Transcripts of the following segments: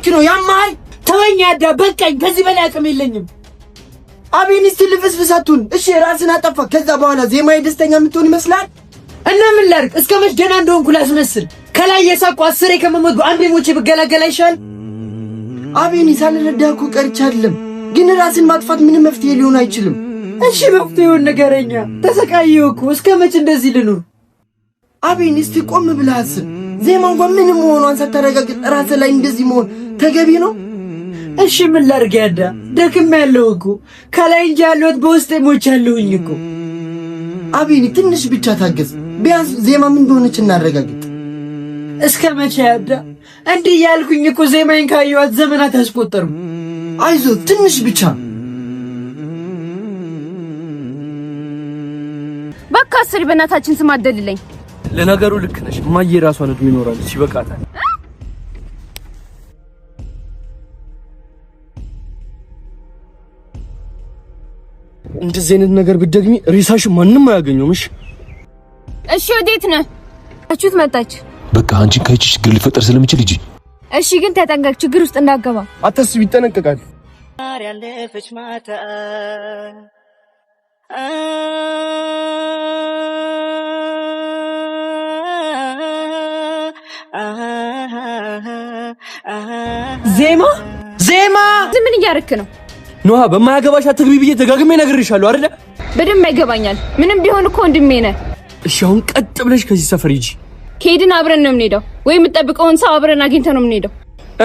እየተናገርክ ነው? ያማል። ተወኝ፣ ያዳ በቃኝ። ከዚህ በላይ አቅም የለኝም። አቤኒስቲ ልፍስፍሳቱን። እሺ ራስን አጠፋ። ከዛ በኋላ ዜማዬ ደስተኛ የምትሆን ይመስላል? እና ምን ላድርግ? እስከ መች ደህና እንደሆንኩ ላስመስል? ከላይ የሳቁ አስሬ ከመሞት አንዴ ሞቼ ብገላገል ይሻል? አቤኒ፣ ሳልረዳህ እኮ ግን ራስን ማጥፋት ምንም መፍትሄ ሊሆን አይችልም። እሺ መፍትሄውን ንገረኛ። ተሰቃየሁ እኮ። እስከ መች እንደዚህ ልኑር? አቤኒ፣ እስቲ ቆም ብለህ አስብ። ዜማ እንኳን ምን መሆኗን ሳታረጋግጥ ራስ ላይ እንደዚህ መሆን ተገቢ ነው? እሺ ምን ላድርግ? ያዳ ደክም ያለው እኮ ከላይ እንጂ ያለሁት በውስጤ ሞቻለሁኝ እኮ። አቢኒ ትንሽ ብቻ ታገዝ፣ ቢያንስ ዜማ ምን እንደሆነች እናረጋግጥ። እስከ መቼ ያዳ እንዲህ ያልኩኝ እኮ ዜማዬን ካየኋት ዘመናት አስቆጠሩ። አይዞ ትንሽ ብቻ በቃ አስሪ። በእናታችን ስም አደልለኝ ለነገሩ ልክ ነሽ። እማዬ የራሷን እድሜ ይኖራል ይበቃታል። እንደዚህ አይነት ነገር ብትደግሚ ሬሳሽ ማንም አያገኘውም። እሺ እሺ። ወዴት ነህ? አቹት መጣች። በቃ አንቺን ከይቺ ችግር ሊፈጠር ስለሚችል እጂ። እሺ፣ ግን ተጠንቀቅ፣ ችግር ውስጥ እንዳገባ። አታስብ ይጠነቀቃል። ያለፈች ማታ ዜማ ዜማ ምን እያደረክ ነው? ኖሃ በማያገባሽ አትግቢ ብዬ ደጋግሜ ነግሬሻለሁ አይደለ? በደንብ ያገባኛል። ምንም ቢሆን እኮ ወንድሜ ነህ። እሺ አሁን ቀጥ ብለሽ ከዚህ ሰፈር ሂጂ። ከሄድን አብረን ነው የምንሄደው፣ ወይ የምጠብቀውን ሰው አብረን አግኝተን ነው የምንሄደው።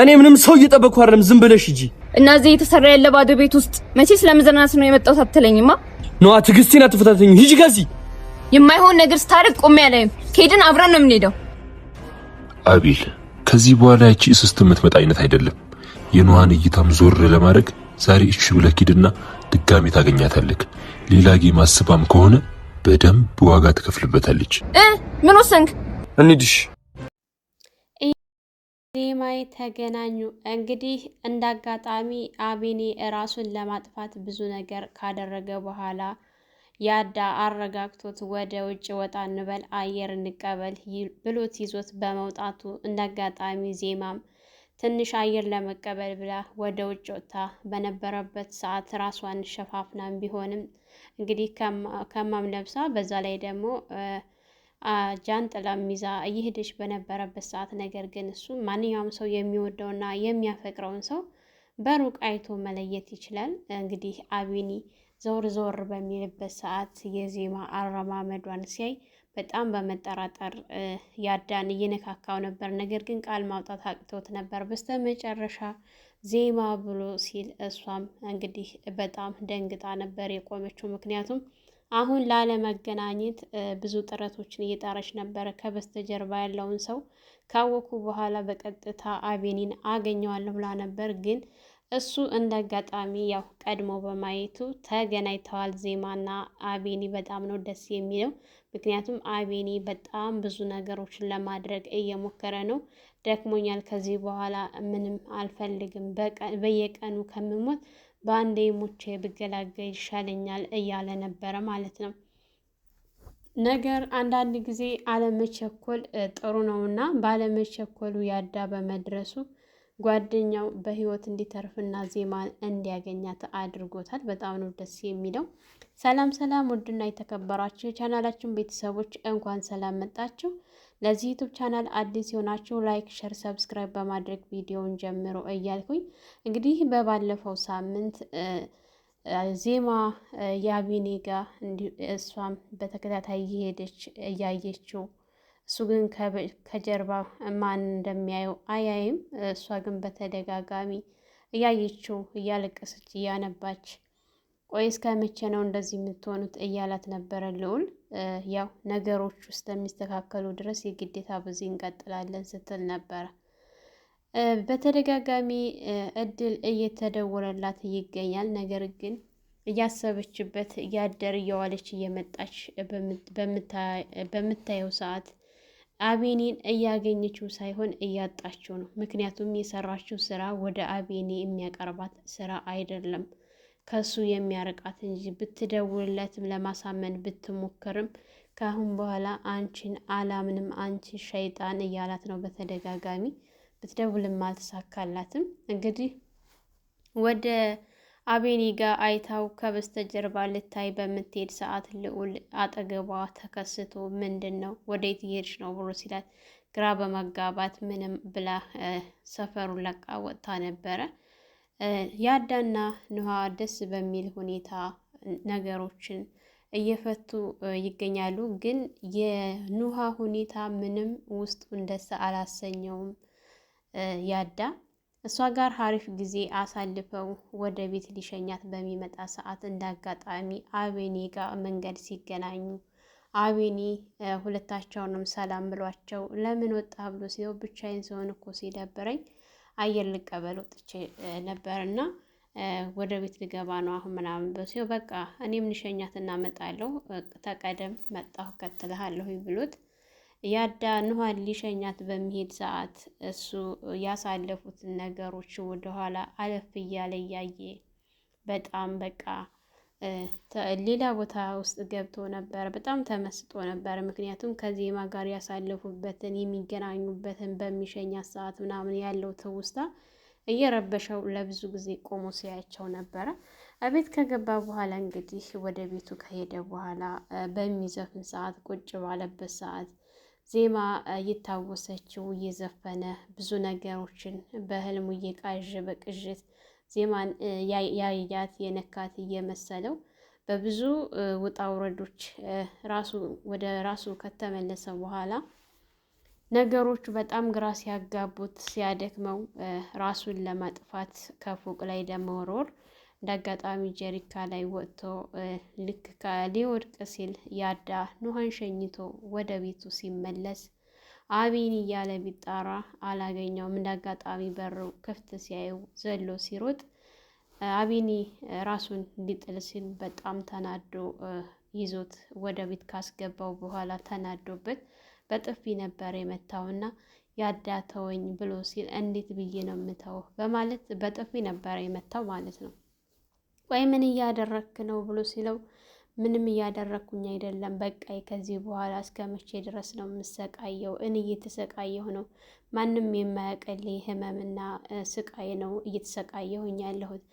እኔ ምንም ሰው እየጠበቅኩ አይደለም፣ ዝም ብለሽ ሂጂ እና እዚህ የተሰራ ያለ ባዶ ቤት ውስጥ መቼ ስለመዝናናት ነው የመጣሁት አትለኝማ። ኖሃ ትዕግስቴን አትፈታተኝ። ሂጂ ከዚህ። የማይሆን ነገር ስታደርግ ቆሜ አላይም። ከሄድን አብረን ነው የምንሄደው። አቢል ከዚህ በኋላ ያቺ እስስት የምትመጣ አይነት አይደለም። የኖሃን እይታም ዞር ለማድረግ ዛሬ እሺ ብለህ ሂድና ድጋሜ ታገኛታለህ። ሌላ ጌም አስባም ከሆነ በደንብ ዋጋ ትከፍልበታለች። እ ምን ወሰንክ? እንሂድሽ ዜማይ ተገናኙ። እንግዲህ እንዳጋጣሚ አጋጣሚ አቤኔ ራሱን ለማጥፋት ብዙ ነገር ካደረገ በኋላ ያዳ አረጋግቶት ወደ ውጭ ወጣ እንበል አየር እንቀበል ብሎት ይዞት በመውጣቱ እንዳጋጣሚ አጋጣሚ ዜማም ትንሽ አየር ለመቀበል ብላ ወደ ውጭ ወጥታ በነበረበት ሰዓት ራሷን ሸፋፍናም ቢሆንም እንግዲህ ከማም ለብሳ በዛ ላይ ደግሞ ጃንጥላም ይዛ እየሄደች በነበረበት ሰዓት ነገር ግን እሱ ማንኛውም ሰው የሚወደውና የሚያፈቅረውን ሰው በሩቅ አይቶ መለየት ይችላል። እንግዲህ አቢኒ ዘወር ዘወር በሚልበት ሰዓት የዜማ አረማመዷን ሲያይ በጣም በመጠራጠር ያዳን እየነካካው ነበር። ነገር ግን ቃል ማውጣት አቅቶት ነበር። በስተ መጨረሻ ዜማ ብሎ ሲል እሷም እንግዲህ በጣም ደንግጣ ነበር የቆመችው። ምክንያቱም አሁን ላለመገናኘት ብዙ ጥረቶችን እየጣረች ነበረ። ከበስተጀርባ ያለውን ሰው ካወኩ በኋላ በቀጥታ አቤኒን አገኘዋለሁ ብላ ነበር ግን እሱ እንደ አጋጣሚ ያው ቀድሞ በማየቱ ተገናኝተዋል። ዜማና አቤኒ በጣም ነው ደስ የሚለው። ምክንያቱም አቤኒ በጣም ብዙ ነገሮችን ለማድረግ እየሞከረ ነው። ደክሞኛል፣ ከዚህ በኋላ ምንም አልፈልግም፣ በየቀኑ ከምሞት በአንዴ ሞቼ ብገላገል ይሻለኛል እያለ ነበረ ማለት ነው። ነገር አንዳንድ ጊዜ አለመቸኮል ጥሩ ነውና ባለመቸኮሉ ያዳ በመድረሱ ጓደኛው በህይወት እንዲተርፍና ዜማ እንዲያገኛት አድርጎታል። በጣም ነው ደስ የሚለው። ሰላም ሰላም! ውድና የተከበራችሁ የቻናላችን ቤተሰቦች እንኳን ሰላም መጣችሁ። ለዚህ ዩቱብ ቻናል አዲስ የሆናችሁ ላይክ፣ ሸር፣ ሰብስክራይብ በማድረግ ቪዲዮውን ጀምሮ እያልኩኝ እንግዲህ በባለፈው ሳምንት ዜማ ያቢኔ ጋ እሷም በተከታታይ እየሄደች እያየችው እሱ ግን ከጀርባ ማን እንደሚያየው አያይም። እሷ ግን በተደጋጋሚ እያየችው እያለቀሰች እያነባች ቆይ እስከ መቼ ነው እንደዚህ የምትሆኑት እያላት ነበረ ልዑል። ያው ነገሮች ውስጥ የሚስተካከሉ ድረስ የግዴታ በዚህ እንቀጥላለን ስትል ነበረ። በተደጋጋሚ እድል እየተደወለላት ይገኛል። ነገር ግን እያሰበችበት እያደር እየዋለች እየመጣች በምታየው ሰዓት አቤኔን እያገኘችው ሳይሆን እያጣችው ነው። ምክንያቱም የሰራችው ስራ ወደ አቤኔ የሚያቀርባት ስራ አይደለም፣ ከሱ የሚያርቃት እንጂ። ብትደውልለትም ለማሳመን ብትሞክርም ከአሁን በኋላ አንቺን አላምንም፣ አንቺ ሸይጣን እያላት ነው በተደጋጋሚ። ብትደውልም አልተሳካላትም። እንግዲህ ወደ አቤኒጋ አይታው ከበስተጀርባ ልታይ በምትሄድ ሰዓት ልዑል አጠገቧ ተከስቶ ምንድን ነው ወዴት እየሄድሽ ነው ብሎ ሲላት ግራ በመጋባት ምንም ብላ ሰፈሩን ለቃ ወጥታ ነበረ። ያዳና ንሃ ደስ በሚል ሁኔታ ነገሮችን እየፈቱ ይገኛሉ። ግን የኑሃ ሁኔታ ምንም ውስጡ እንደሰ አላሰኘውም ያዳ እሷ ጋር ሀሪፍ ጊዜ አሳልፈው ወደ ቤት ሊሸኛት በሚመጣ ሰዓት እንዳጋጣሚ አቤኔ ጋር መንገድ ሲገናኙ አቤኔ ሁለታቸውንም ሰላም ብሏቸው ለምን ወጣ ብሎ ሲለው ብቻዬን ስሆን እኮ ሲደብረኝ አየር ልቀበል ወጥቼ ነበርና ወደ ቤት ልገባ ነው አሁን ምናምን ብሎ ሲለው በቃ እኔም ንሸኛት እናመጣለሁ ተቀደም መጣሁ እከተልሃለሁ ብሎት ያዳ ንኋን ሊሸኛት በሚሄድ ሰዓት እሱ ያሳለፉትን ነገሮች ወደኋላ አለፍ እያለ እያየ በጣም በቃ ሌላ ቦታ ውስጥ ገብቶ ነበር። በጣም ተመስጦ ነበር። ምክንያቱም ከዜማ ጋር ያሳለፉበትን የሚገናኙበትን በሚሸኛት ሰዓት ምናምን ያለው ትውስታ እየረበሸው ለብዙ ጊዜ ቆሞ ሲያያቸው ነበረ። ቤት ከገባ በኋላ እንግዲህ ወደ ቤቱ ከሄደ በኋላ በሚዘፍን ሰዓት ቁጭ ባለበት ሰዓት ዜማ እየታወሰችው እየዘፈነ ብዙ ነገሮችን በህልሙ እየቃዥ በቅዥት ዜማን ያያት የነካት እየመሰለው በብዙ ውጣ ውረዶች ራሱ ወደ ራሱ ከተመለሰ በኋላ ነገሮቹ በጣም ግራ ሲያጋቡት ሲያደክመው ራሱን ለማጥፋት ከፎቅ ላይ ለመወርወር እንዳጋጣሚ ጀሪካ ላይ ወጥቶ ልክ ሊወድቅ ሲል ያዳ ኑሃን ሸኝቶ ወደ ቤቱ ሲመለስ አቢን እያለ ቢጣራ አላገኘውም። አጋጣሚ በሩ ክፍት ሲያየው ዘሎ ሲሮጥ አቢኒ ራሱን ሊጥል ሲል በጣም ተናዶ ይዞት ወደ ቤት ካስገባው በኋላ ተናዶበት በጥፊ ነበር የመታውና ያዳተወኝ ብሎ ሲል እንዴት ብዬ ነው የምተው በማለት በጥፊ ነበር የመታው ማለት ነው። ቆይ ምን እያደረክ ነው ብሎ ሲለው ምንም እያደረግኩኝ አይደለም። በቃ ከዚህ በኋላ እስከ መቼ ድረስ ነው የምሰቃየው? እኔ እየተሰቃየሁ ነው። ማንም የማያቀልኝ ህመምና ስቃይ ነው እየተሰቃየሁኝ ያለሁት።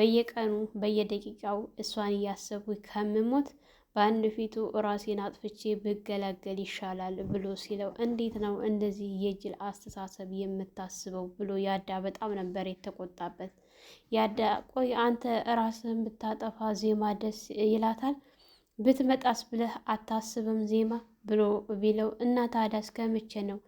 በየቀኑ በየደቂቃው እሷን እያሰቡ ከምሞት በአንድ ፊቱ ራሴን አጥፍቼ ብገላገል ይሻላል ብሎ ሲለው እንዴት ነው እንደዚህ የጅል አስተሳሰብ የምታስበው ብሎ ያዳ በጣም ነበር የተቆጣበት። ያዳ ቆይ አንተ ራስህን ብታጠፋ ዜማ ደስ ይላታል ብትመጣስ ብለህ አታስብም ዜማ ብሎ ቢለው እና ታዲያ እስከ መቼ ነው?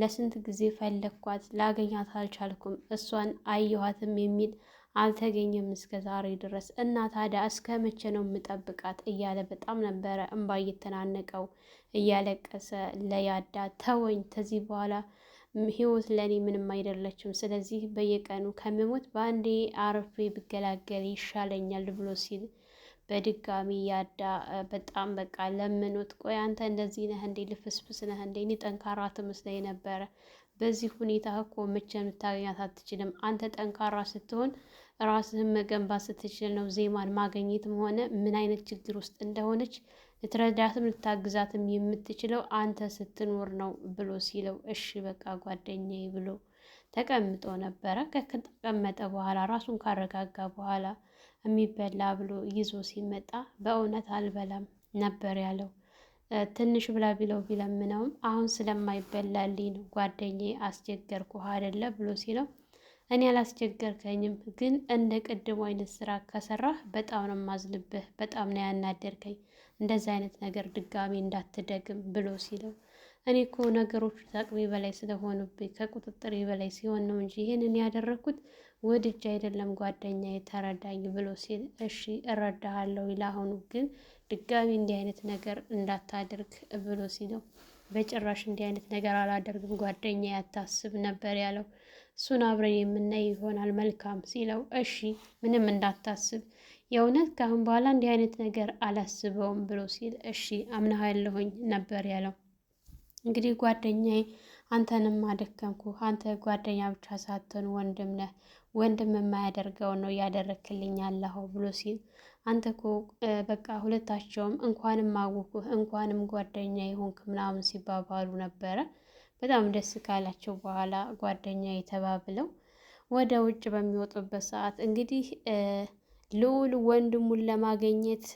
ለስንት ጊዜ ፈለግኳት ላገኛት አልቻልኩም፣ እሷን አየኋትም የሚል አልተገኘም እስከ ዛሬ ድረስ እና ታዲያ እስከ መቼ ነው የምጠብቃት እያለ በጣም ነበረ እንባ እየተናነቀው እያለቀሰ ለያዳ ተወኝ፣ ከዚህ በኋላ ህይወት ለእኔ ምንም አይደለችም። ስለዚህ በየቀኑ ከምሞት በአንዴ አርፌ ብገላገል ይሻለኛል ብሎ ሲል በድጋሚ ያዳ በጣም በቃ ለምኖት፣ ቆይ አንተ እንደዚህ ነህ እንዴ? ልፍስፍስ ነህ እንዴ? እኔ ጠንካራ ትመስለኝ ነበረ። በዚህ ሁኔታ እኮ መቼም ልታገኛት አትችልም። አንተ ጠንካራ ስትሆን ራስህን መገንባት ስትችል ነው ዜማን ማገኘትም ሆነ ምን አይነት ችግር ውስጥ እንደሆነች ልትረዳትም ልታግዛትም የምትችለው አንተ ስትኖር ነው ብሎ ሲለው እሺ በቃ ጓደኛዬ ብሎ ተቀምጦ ነበረ። ከተቀመጠ በኋላ ራሱን ካረጋጋ በኋላ የሚበላ ብሎ ይዞ ሲመጣ በእውነት አልበላም ነበር ያለው። ትንሽ ብላ ቢለው ቢለምነውም አሁን ስለማይበላልኝ ጓደኛ ጓደኛዬ አስቸገርኩህ አይደለ ብሎ ሲለው እኔ አላስቸገርከኝም፣ ግን እንደ ቅድሙ አይነት ስራ ከሰራህ በጣም ነው የማዝንብህ፣ በጣም ነው ያናደርከኝ። እንደዚ አይነት ነገር ድጋሚ እንዳትደግም ብሎ ሲለው እኔ እኮ ነገሮቹ ከአቅሜ በላይ ስለሆኑብኝ ከቁጥጥር በላይ ሲሆን ነው እንጂ ይህንን ያደረግኩት ወድጅ አይደለም ጓደኛ የተረዳኝ ብሎ ሲል እሺ እረዳሃለሁ፣ ለአሁኑ ግን ድጋሚ እንዲህ አይነት ነገር እንዳታደርግ ብሎ ሲለው በጭራሽ እንዲህ አይነት ነገር አላደርግም ጓደኛ ያታስብ ነበር ያለው። እሱን አብረን የምናይ ይሆናል መልካም ሲለው፣ እሺ ምንም እንዳታስብ የእውነት ከአሁን በኋላ እንዲህ አይነት ነገር አላስበውም ብሎ ሲል፣ እሺ አምናሃለሁኝ ነበር ያለው። እንግዲህ ጓደኛዬ አንተንም አደከምኩ። አንተ ጓደኛ ብቻ ሳትሆን ወንድም ነህ። ወንድም የማያደርገውን ነው እያደረክልኝ ያለኸው ብሎ ሲል አንተ እኮ በቃ ሁለታቸውም እንኳንም አወኩህ እንኳንም ጓደኛ የሆንክ ምናምን ሲባባሉ ነበረ። በጣም ደስ ካላቸው በኋላ ጓደኛ የተባብለው ወደ ውጭ በሚወጡበት ሰዓት እንግዲህ ልዑል ወንድሙን ለማገኘት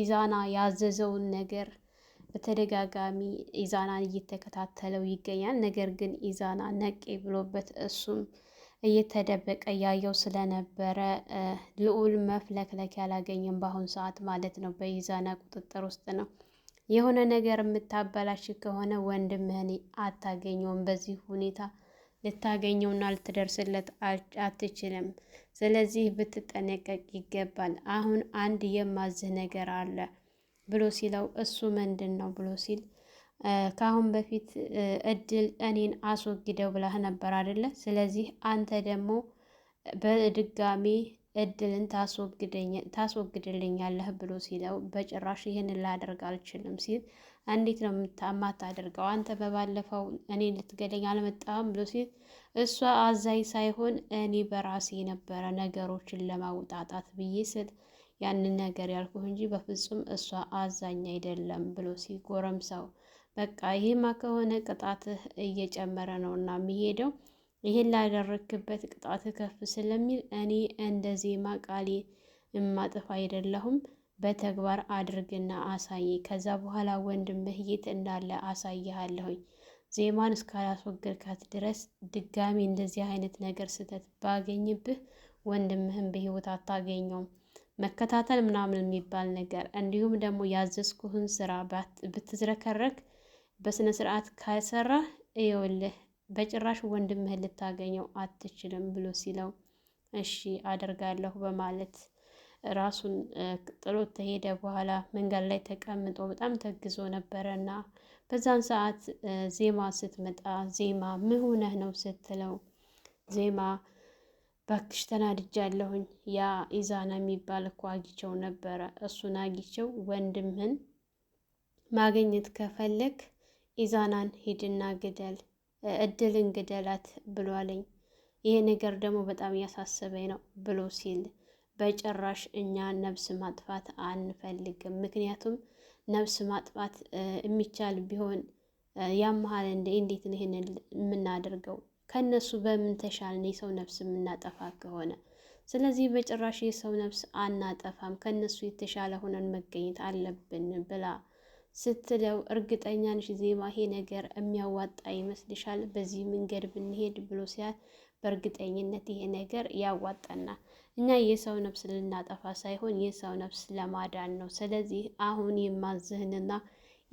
ኢዛና ያዘዘውን ነገር በተደጋጋሚ ኢዛናን እየተከታተለው ይገኛል። ነገር ግን ኢዛና ነቄ ብሎበት እሱም እየተደበቀ ያየው ስለነበረ ልዑል መፍለክለክ ያላገኘም በአሁኑ ሰዓት ማለት ነው፣ በኢዛና ቁጥጥር ውስጥ ነው። የሆነ ነገር የምታበላሽ ከሆነ ወንድምህን አታገኘውም። በዚህ ሁኔታ ልታገኘውና ልትደርስለት አትችልም። ስለዚህ ብትጠነቀቅ ይገባል። አሁን አንድ የማዝህ ነገር አለ ብሎ ሲለው እሱ ምንድን ነው ብሎ ሲል ከአሁን በፊት እድል እኔን አስወግደው ብላህ ነበር አይደለ? ስለዚህ አንተ ደግሞ በድጋሜ እድልን ታስወግድልኛለህ ብሎ ሲለው በጭራሽ ይህንን ላደርግ አልችልም ሲል እንዴት ነው የማታደርገው አንተ በባለፈው እኔ ልትገለኝ አልመጣም ብሎ ሲል እሷ አዛኝ ሳይሆን እኔ በራሴ የነበረ ነገሮችን ለማውጣጣት ብዬ ስል ያንን ነገር ያልኩህ እንጂ በፍጹም እሷ አዛኝ አይደለም ብሎ ሲል ጎረምሳው በቃ ይሄማ ከሆነ ቅጣትህ እየጨመረ ነው እና የሚሄደው ይሄን ላደረግክበት ቅጣት ከፍ ስለሚል እኔ እንደ ዜማ ቃሌ እማጥፍ አይደለሁም። በተግባር አድርግና አሳይ። ከዛ በኋላ ወንድምህ የት እንዳለ አሳይሃለሁኝ። ዜማን እስካላስወገድካት ድረስ ድጋሚ እንደዚህ አይነት ነገር ስህተት ባገኝብህ ወንድምህን በህይወት አታገኘውም። መከታተል ምናምን የሚባል ነገር እንዲሁም ደግሞ ያዘዝኩህን ስራ ብትዝረከረክ በስነ ስርዓት ካልሰራህ እየውልህ በጭራሽ ወንድምህን ልታገኘው አትችልም ብሎ ሲለው እሺ አደርጋለሁ በማለት ራሱን ጥሎት ተሄደ። በኋላ መንገድ ላይ ተቀምጦ በጣም ተግዞ ነበረ እና በዛን ሰዓት ዜማ ስትመጣ ዜማ ምን ሆነህ ነው ስትለው ዜማ ባክሽ ተናድጃለሁኝ፣ ያ ኢዛና የሚባል እኮ አግኝቼው ነበረ። እሱን አግኝቼው ወንድምህን ማግኘት ከፈለግ ኢዛናን ሂድና ግደል እድል እንግደላት ብሏለኝ። ይሄ ነገር ደግሞ በጣም እያሳሰበኝ ነው ብሎ ሲል በጭራሽ እኛ ነፍስ ማጥፋት አንፈልግም። ምክንያቱም ነፍስ ማጥፋት የሚቻል ቢሆን ያመሃል እንደ እንዴት ነው ይሄንን የምናደርገው? ከእነሱ በምን ተሻልን? የሰው ነፍስ የምናጠፋ ከሆነ ስለዚህ በጭራሽ የሰው ነፍስ አናጠፋም፣ ከእነሱ የተሻለ ሆነን መገኘት አለብን ብላ ስትለው እርግጠኛ ነሽ ዜማ ይሄ ነገር የሚያዋጣ ይመስልሻል? በዚህ መንገድ ብንሄድ ብሎ ሲያል በእርግጠኝነት ይሄ ነገር ያዋጣናል። እኛ የሰው ነፍስ ልናጠፋ ሳይሆን የሰው ነፍስ ለማዳን ነው። ስለዚህ አሁን የማዝህንና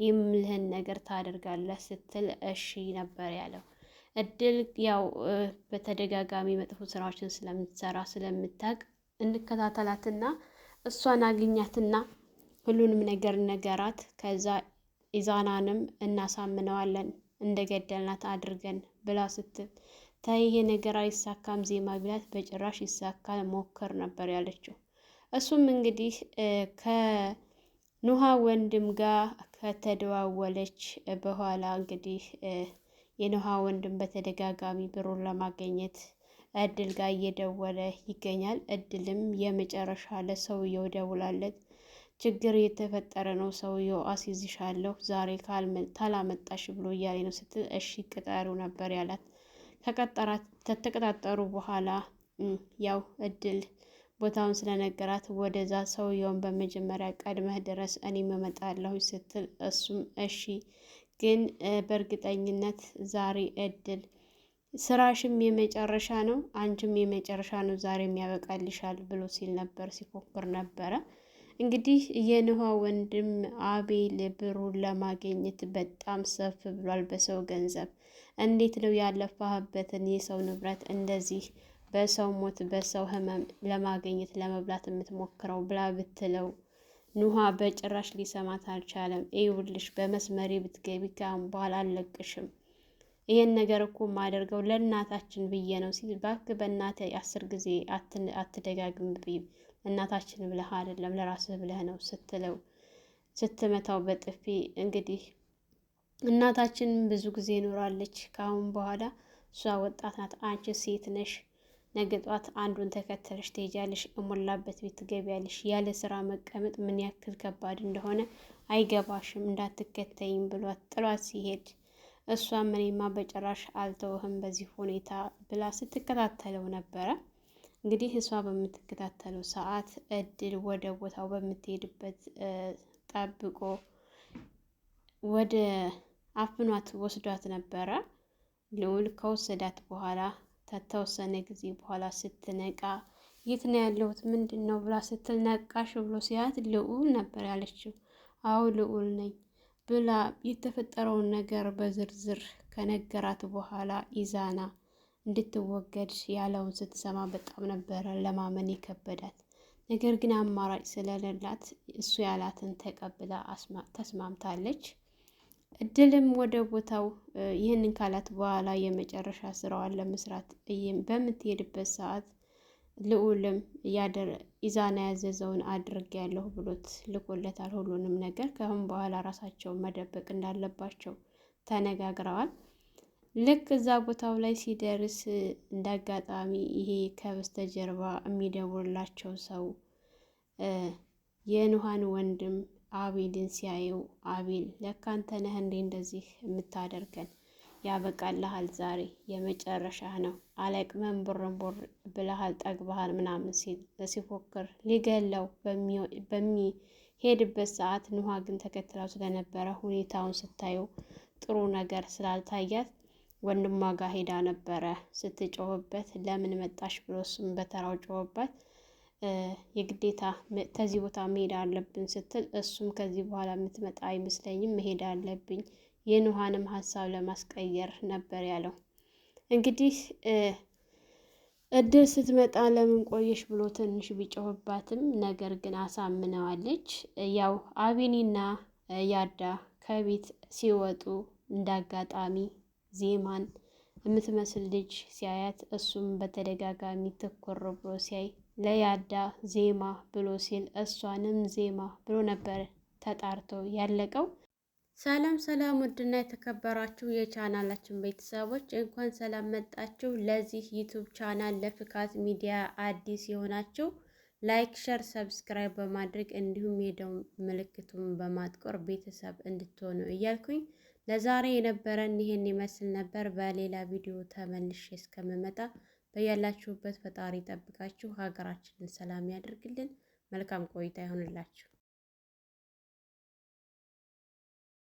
የምልህን ነገር ታደርጋለህ ስትል እሺ ነበር ያለው። እድል ያው በተደጋጋሚ መጥፎ ስራዎችን ስለምትሰራ ስለምታቅ እንከታተላትና እሷን አግኛትና ሁሉንም ነገር ነገራት። ከዛ ኢዛናንም እናሳምነዋለን እንደገደልናት አድርገን ብላ ስትል ታይ ይሄ ነገር አይሳካም ዜማ ቢላት በጭራሽ ይሳካል ሞክር ነበር ያለችው። እሱም እንግዲህ ከኑሃ ወንድም ጋር ከተደዋወለች በኋላ እንግዲህ የኑሃ ወንድም በተደጋጋሚ ብሩን ለማገኘት እድል ጋር እየደወለ ይገኛል። እድልም የመጨረሻ ለሰውየው ደውላለት ችግር እየተፈጠረ ነው። ሰውየው አስይዝሻለሁ ዛሬ ካላመጣሽ ብሎ እያሌ ነው ስትል እሺ ቅጠሪው ነበር ያላት። ከተቀጣጠሩ በኋላ ያው እድል ቦታውን ስለነገራት ወደዛ ሰውየውን በመጀመሪያ ቀድመህ ድረስ እኔ መመጣለሁ ስትል እሱም እሺ ግን በእርግጠኝነት ዛሬ እድል ስራሽም የመጨረሻ ነው፣ አንቺም የመጨረሻ ነው፣ ዛሬም ያበቃልሻል ብሎ ሲል ነበር ሲፎክር ነበረ። እንግዲህ የንሃ ወንድም አቤል ብሩን ለማግኘት በጣም ሰፍ ብሏል። በሰው ገንዘብ እንዴት ነው ያለፋህበትን የሰው ንብረት እንደዚህ በሰው ሞት በሰው ህመም ለማግኘት ለመብላት የምትሞክረው ብላ ብትለው ኑሃ በጭራሽ ሊሰማት አልቻለም። ይኸውልሽ በመስመሬ ብትገቢ ካሁን በኋላ አልለቅሽም። ይህን ነገር እኮ የማደርገው ለእናታችን ብዬ ነው ሲል ባክ በእናትህ አስር ጊዜ አትደጋግም ብዬ እናታችን ብለህ አይደለም ለራስህ ብለህ ነው ስትለው ስትመታው በጥፊ እንግዲህ እናታችን ብዙ ጊዜ ኖራለች። ከአሁን በኋላ እሷ ወጣት ናት፣ አንቺ ሴት ነሽ። ነገ ጧት አንዱን ተከተለሽ ትሄጃለሽ፣ እሞላበት ቤት ትገቢያለሽ። ያለ ስራ መቀመጥ ምን ያክል ከባድ እንደሆነ አይገባሽም፣ እንዳትከተይም ብሏት ጥሏት ሲሄድ እሷ ምኔማ በጭራሽ አልተውህም በዚህ ሁኔታ ብላ ስትከታተለው ነበረ። እንግዲህ እሷ በምትከታተለው ሰዓት እድል ወደ ቦታው በምትሄድበት ጠብቆ ወደ አፍኗት ወስዷት ነበረ። ልዑል ከወሰዳት በኋላ ከተወሰነ ጊዜ በኋላ ስትነቃ የት ነው ያለሁት ምንድን ነው ብላ ስትል ነቃሽ ብሎ ሲያት ልዑል ነበር ያለችው። አዎ ልዑል ነኝ ብላ የተፈጠረውን ነገር በዝርዝር ከነገራት በኋላ ኢዛና እንድትወገድ ያለውን ስትሰማ በጣም ነበረ ለማመን የከበዳት። ነገር ግን አማራጭ ስለሌላት እሱ ያላትን ተቀብላ ተስማምታለች። እድልም ወደ ቦታው ይህንን ካላት በኋላ የመጨረሻ ስራዋን ለመስራት በምትሄድበት ሰዓት ልዑልም ኢዛና ያዘዘውን አድርግ ያለሁ ብሎት ልኮለታል። ሁሉንም ነገር ከአሁን በኋላ ራሳቸውን መደበቅ እንዳለባቸው ተነጋግረዋል። ልክ እዛ ቦታው ላይ ሲደርስ እንዳጋጣሚ ይሄ ከበስተጀርባ የሚደውላቸው ሰው የንሃን ወንድም አቤልን ሲያየው አቤል ለካ አንተ ነህ እንዴ እንደዚህ የምታደርገን? ያበቃልሃል፣ ዛሬ የመጨረሻህ ነው፣ አለቅመን ቦርንቦር ብለሃል፣ ጠግበሃል ምናምን ሲፎክር ሊገለው በሚሄድበት ሰዓት ንሃ ግን ተከትላው ስለነበረ ሁኔታውን ስታየው ጥሩ ነገር ስላልታያት ወንድሟ ጋር ሄዳ ነበረ ስትጮህበት፣ ለምን መጣሽ ብሎ እሱም በተራው ጮህበት። የግዴታ ከዚህ ቦታ መሄድ አለብን ስትል እሱም ከዚህ በኋላ የምትመጣ አይመስለኝም መሄድ አለብኝ የኑሃንም ሀሳብ ለማስቀየር ነበር ያለው። እንግዲህ እድል ስትመጣ ለምን ቆየሽ ብሎ ትንሽ ቢጮህባትም ነገር ግን አሳምነዋለች። ያው አቢኒና ያዳ ከቤት ሲወጡ እንዳጋጣሚ ዜማን የምትመስል ልጅ ሲያያት እሱም በተደጋጋሚ ትኩር ብሎ ሲያይ ለያዳ ዜማ ብሎ ሲል እሷንም ዜማ ብሎ ነበር ተጣርቶ ያለቀው። ሰላም ሰላም! ውድና የተከበራችሁ የቻናላችን ቤተሰቦች እንኳን ሰላም መጣችሁ። ለዚህ ዩቱብ ቻናል ለፍካት ሚዲያ አዲስ የሆናችሁ ላይክ፣ ሸር፣ ሰብስክራይብ በማድረግ እንዲሁም የደውል ምልክቱን በማጥቆር ቤተሰብ እንድትሆኑ እያልኩኝ ለዛሬ የነበረን ይሄን ይመስል ነበር። በሌላ ቪዲዮ ተመልሼ እስከምመጣ በያላችሁበት ፈጣሪ ጠብቃችሁ ሀገራችንን ሰላም ያደርግልን። መልካም ቆይታ ይሆንላችሁ።